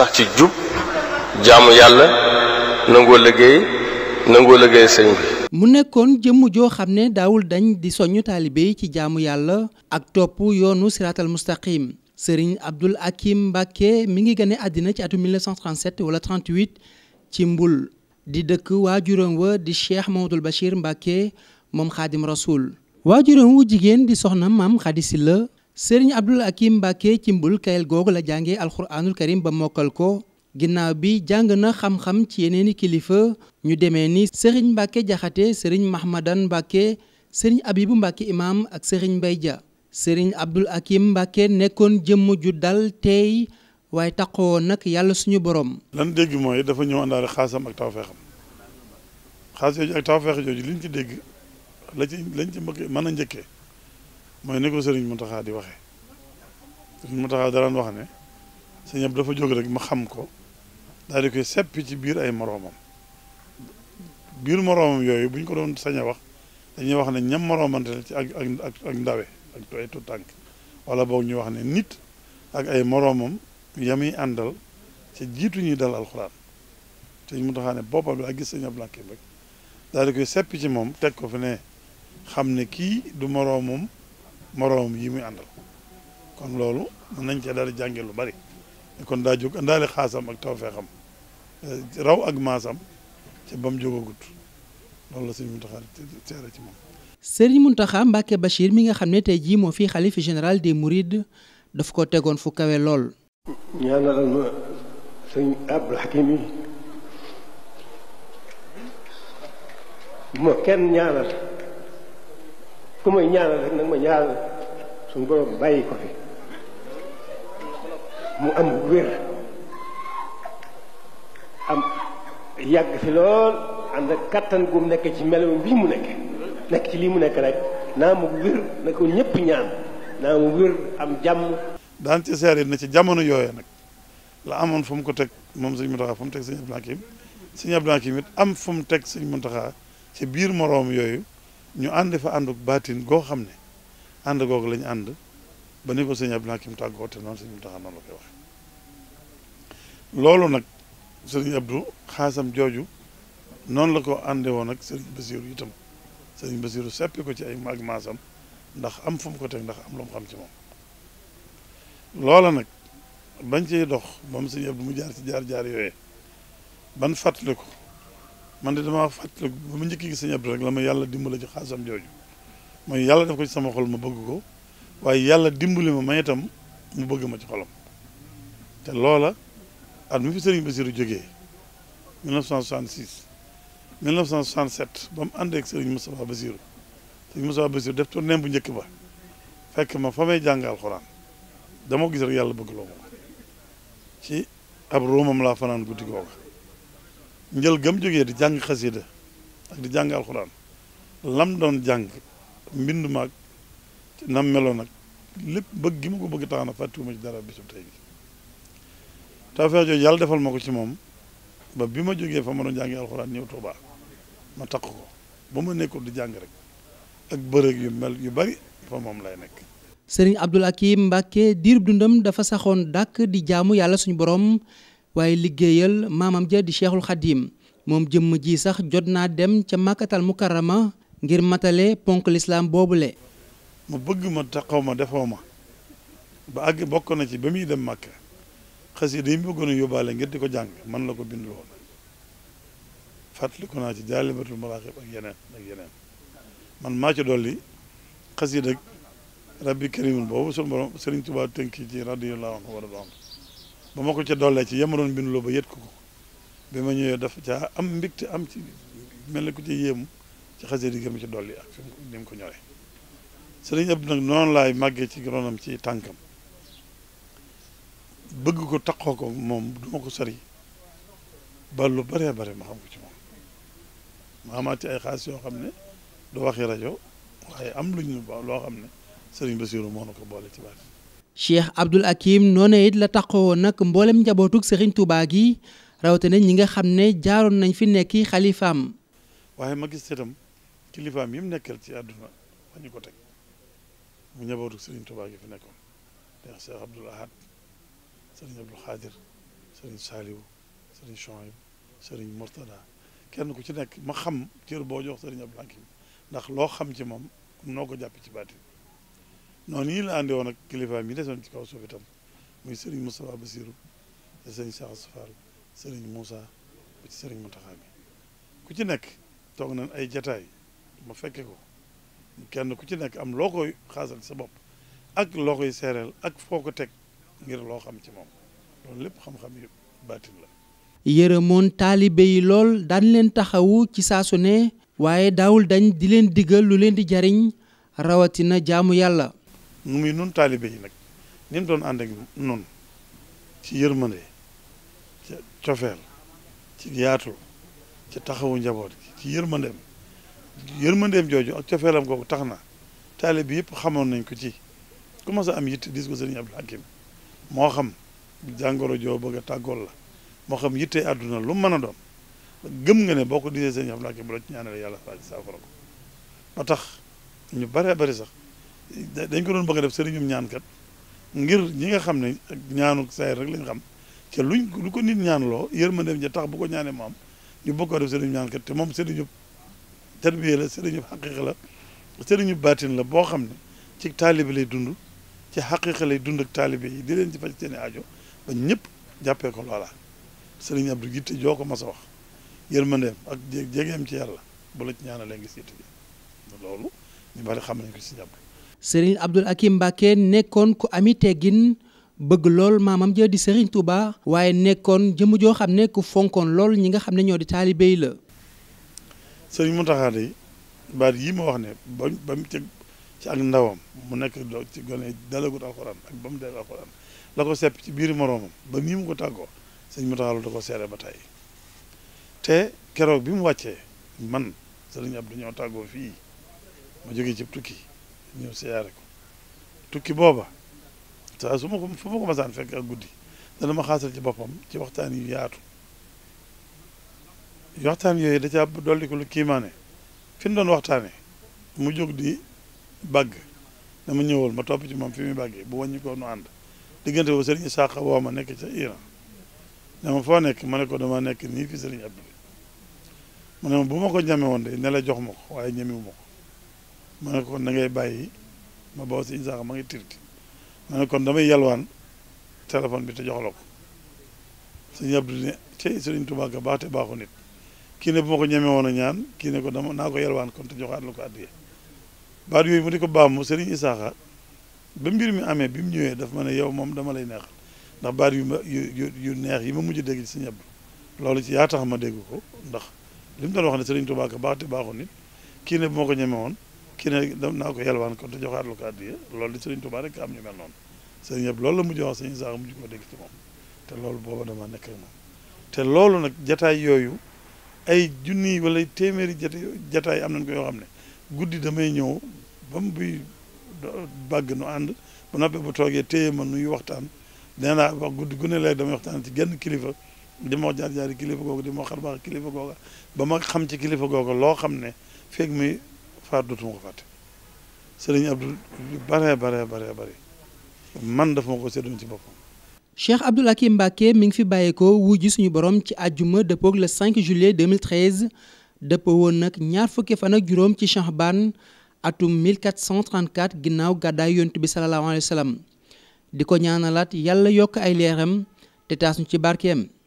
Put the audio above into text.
sax ci jub jaamu yàlla nangoo liggéey nangoo bi. mu nekkoon jëmm joo xam ne daawul dañ di soññ taalibe yi ci jaamu yàlla ak topp yoonu siraatal mustaqim sëriñ Abdul Hakim Mbacke mi ngi gane àddina ci atum 1937 wala 38 ci mbul di dëkk waajuram wa di cheikh Mamadul Bachir Mbacke moom xaadim rasul waajuram wu jigéen di soxna maam Xadi Silla sëriñ Abdul Hakim Mbàkke ci mbul kayel googu la jànge alxuraanul karim ba mokkal ko ginnaaw bi jàng na xam-xam ci yeneeni kilifa ñu demee ni sëriñ Mbàkke jaxate sëriñ mahmadan Mbàkke sëriñ abibu Mbàkke imaam ak sëriñ mbay ja sëriñ Abdul Hakim Mbàkke nekkoon jëmm ju dal teey waaye taxawoon nag yàlla suñu boroom lan dégg mooy dafa ñëw àndaale xaasam ak tawfeexam xaas yooyu ak tawfeex jooju liñ ci dégg la ci lañ mën a njëkkee mooy ni ko sëriñ Mountakha di waxee sëriñ Mountakha daraan wax ne sëñ dafa jóg rek ma xam ko daal di koy seppi ci biir ay moroomam biir moroomam yooyu bu ñu ko doon sañ wax dañuy wax ne ñam moroomante ci ak ak ak ndawe ak ay tu tànk wala boog ñu wax ne nit ak ay moroomam yamuy àndal ci jiitu ñuy dal alxuraan sëñ Mountakha ne boppam bi ak gis sëñ Abdou rek daal koy seppi ci moom teg ko fi ne xam ne kii du moroomam moroom yi muy àndal kon loolu mën nañ cee dara jànge lu bari kon daa jóg andaale xaasam ak tawfeexam eh, raw ak maasam ca ba mu jógagut loolu la Serigne Mountakha teere ci moom. Serigne Mountakha Mbacké mi nga xam ne tey jii moo fi xalif général des Mourides daf ko tegoon fu kawe lool. ñaanal ma sëñ Abdou Hakim yi ma kenn ñaanal. ku ñaan ñaanal rek nag ma ñaanal suñu borom bàyyi ko fi mu am wér am yàgg fi lool ànd ak kattan gu mu nekk ci melow bii mu nekk nekk ci lii mu nekk rek naa mu wér na ko ñëpp ñaan naa mu wér am jàmm daan ci seer na ci jamono yooyee nag la amoon fu mu ko teg moom sëñ Muntaxa fu mu teg sëñ Abdou am fu mu teg sëñ ci biir moroom yooyu ñu ànd fa ànd baatin goo xam ne ànd googu lañu ànd ba ni ko sëñ Abdou mu tàggoo te noonu sëñ Mountakha noonu la koy waxee loolu nag sëriñ Abdou xaasam jooju noonu la ko àndee woon ak sëriñ Basiiru itam sëriñ Basiiru seppi ko ci ay mag maasam ndax am fu mu ko teg ndax am lu mu xam ci moom loola nag bañ ciy dox moom sëriñ Abdou mu jaar ci jaar-jaar yooyee ban fàttali ko man de damaa fàttaliku ba ma njëkk gi sëñ Abdou rek la ma yàlla dimbali ci xaasam jooju mooy yàlla def ko ci sama xol ma bëgg ko waaye yàlla dimbali ma may itam mu bëgg ma ci xolam te loola at mi fi sëriñ Bassirou jógee 1966 1967 ba mu ànd ak sëriñ Moustapha Bassirou sëriñ Moustapha Bassirou def tournée bu njëkk ba fekk ma fa may jàng alxuraan dama gis rek yàlla bëgg loo ko ci ab roomam laa fanaan guddi googa njël gëm jógee di jàng xasida ak di jàng alxuraan lam doon jàng mbind maag nam meloon nag lépp bëgg gi ma ko bëgg tax na ci dara bisub tey bi tawfeex jooju yàlla defal ma ko ci moom ba bi ma jógee fa ma doon jàngi alxuraan ñëw Tuubaa ma takk ko ba ma nekkul di jàng rek ak bërëg yu mel yu bari fa moom lay nekk sëriñ Abdou Akim Mbacke diir dundam dafa saxoon dàq di jaamu yàlla suñu borom waaye liggéeyal maamam ja di cheikhul xadim moom jëmm ji sax jot naa dem ca màkkatal mukarama ngir matale ponk lislaam boobule mu bëgg ma taxaw ma defoo ma ba àgg bokk na ci ba muy dem màkka xasida yi mu bëggoona a yóbbaale ngir di ko jàng man la ko bindul woon fàttaliku naa ci jaalibatul maraaxib ak yeneen ak yeneen man maa ci dolli xasida rabbi karimun boobu sunu borom Sëriñ Tuubaa tënki ci radiyallahu anhu wa ba ma ko ca dollee ci yamaroon binduloo ba yët ko ko bi ma ñëwee dafa caa am mbégte am ci mel na ku ci yéemu ci xasida gi mu ci dolli ak fi ni mu ko ñoree sëriñ Abdou nag noonu laay màggee ci ronam ci tànkam bëgg ko taqoo ko moom du ma ko sori ba lu baree bare ma xam ko ci moom ma amaat ay xaalis yoo xam ne du waxi rajo waaye am lu ñu loo xam ne sëriñ Basiru moo na ko boole ci baat Cheikh Abdoul Hakim noonu it la taxawoon nag mboolem njabootug Serigne Touba gi rawatina ñi nga xam ne jaaroon nañ fi nekki xalifaam. waaye ma gis itam kilifaam yi mu nekkal ci àdduna fa ko teg mu njabootug Serigne Touba gi fi nekkoon ndax Cheikh Abdoul Ahad Serigne Khadir Serigne Saliou Serigne Chouaib Serigne Mourtada kenn ku ci nekk ma xam cër boo jox Serigne Abdoul Hakim ndax loo xam ci moom noo ko jàpp ci baati noonu yi la àndee woon ak kilifaam yi desoon ci kaw suuf itam muy sëriñ Moustapha Bassirou te sëriñ Saxas Fall sëriñ Moussa ba ci sëriñ Mountakha bi ku ci nekk toog nañ ay jataay ma fekke ko kenn ku ci nekk am loo koy xaasal sa bopp ak loo koy seereel ak foo ko teg ngir loo xam ci moom loolu lépp xam-xam yi baatin la yërëmoon taalibe yi lool daan leen taxawu ci saasu ne waaye daawul dañ di leen digal lu leen di jariñ rawatina jaamu yàlla nu muy nun taalibe yi nag ni mu doon ànd ak nun ci yërmande ci cofeel ci yaatu ci taxawu njaboot ci yërmandeem yërmandeem jooju ak cofeelam googu tax na taalibe yëpp xamoon nañ ko ci ku mas am yitte dis ko sëriñ Abdul Hakim moo xam jàngoro joo bëgg a tàggool la moo xam yitte adduna lu mën a doon gëm nga ne boo ko disee sëriñ Abdul bu la ci ñaanale yàlla faaji saafara ko ba tax ñu bare bari sax dañ ko doon bëgg a def ñaan ñaankat ngir ñi nga xam ne ñaanu sayer rek lañ xam te luñ lu ko nit ñaan ñaanloo yërmandeem ja tax bu ko ñaanee mu am ñu bëgg koo def ñaan ñaankat te moom sëriñub tarbiya la sëriñub xaqiqa la sëriñub baatin la boo xam ne ci taalibe lay dund ci xaqiqa lay dund ak taalibe yi di leen ci faj seen ajo ba ñëpp jàppee ko loola sëriñ Abdou Guité joo ko mas a wax yërmandeem ak jégeem ci yàlla bu la ci ñaanalee ngi siita ji loolu ñu bari xam nañ si jàpp sëriñ Abdul Akim Mbàkke nekkoon ku ami teggin bëgg lool maamam ja di sëriñ Touba. waaye nekkoon jëmm joo xam ne ku fonkoon lool ñi nga xam ne ñoo di taalibe yi la. sëriñ Mountakha de yii ma wax ne ba ba mu ak ndawam mu nekk ci gone dalagut alxuraan ak ba mu del alxuraan la ko ci biir moroomam ba nii tàggoo sëriñ Mountakha loolu da ko seere ba tey te keroog bi mu wàccee man sëriñ Abdou ñoo tàggoo fii ma jógee ci tukki. ñëw siyaare tukki booba saa su ma ko fu ma ko masaan fekk ak guddi dana ma xaasal ci boppam ci waxtaan yu yaatu waxtaan yooyu da ca dolli ko lu kiimaane fi mu doon waxtaanee mu jóg di bàgg dama ñëwal ma toppi ci moom fi muy bàggee bu wàññi ko nu ànd diggante boobu sëriñ Isaaxa woo ma nekk ca Iran dama foo nekk ma ne ko dama nekk nii fi sëriñ Abdou mu ne ma bu ma ko ñame woon de ne la jox ma ko waaye ñamewu ma ma ne ko kon da ngay bàyyi ma boo si Isaaxa ma ngi tirti ma ne kon damay yalwaan téléphone bi te jox la ko sëñ Abdou ne tey sëriñ Tuubaa ka baax baaxu nit kii ne ko ñeme woon ñaan kii ko dama naa ko yalwaan kon te joxaat la ko addiye baat yooyu ko baamu sëriñ Isaaxa ba mbir mi amee bi mu ñëwee daf ma ne yow moom dama lay neexal ndax baat yu ma yu neex yi ma mujj dégg ci sëñ Abdou loolu yaa tax ma dégg ndax li mu doon wax ne sëriñ Tuubaa ka baax te baaxu nit kii ne bu ma ko ñeme ki dem naa ko yelwaan ko te joxaat lu ko addiya loolu di sëriñ Tuubaa rek am ñu mel noonu sëriñ yëpp loolu la mujj wax sëriñ Saax mujj ko dégg ci moom te loolu booba dama nekk ak te loolu nag jataay yooyu ay junni wala téeméeri jata jataay am nañ ko yoo xam ne guddi damay ñëw ba nu ànd bu noppee bu toogee téye ma nuy waxtaan nee naa wax guddi gu ne léegi damay waxtaan ci genn kilifa di ma jaar jaari kilifa googu di moo xarbaax kilifa googa ba ma xam ci kilifa googa loo xam ne feeg mi faat dootuma ko fàtte sëriñ Abdou lu baree baree bare man dafa ma ko seddoon ci boppam. Cheikh Abdou Lakim Mbacké mi ngi fi bàyyeekoo wujj suñu borom ci àjjuma dëppoog le 5 juillet 2013 dëppoo woon nag ñaar fukki fan ak juróom ci Shahban atum mille 1434 ginnaaw gàddaay yonent bi salallaahu alayhi wa di ko ñaanalaat yàlla yokk ay leeram te taas ci barkeem.